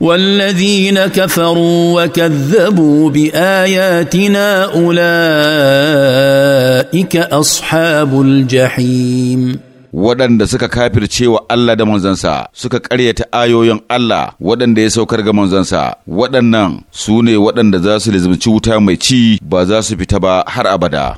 والذين كفروا وكذبوا باياتنا اولئك اصحاب الجحيم waɗanda suka kafirce wa Allah da manzansa suka ƙaryata ayoyin Allah waɗanda ya saukar ga manzansa waɗannan su ne waɗanda za su lizimci wuta mai ci ba za su fita ba har abada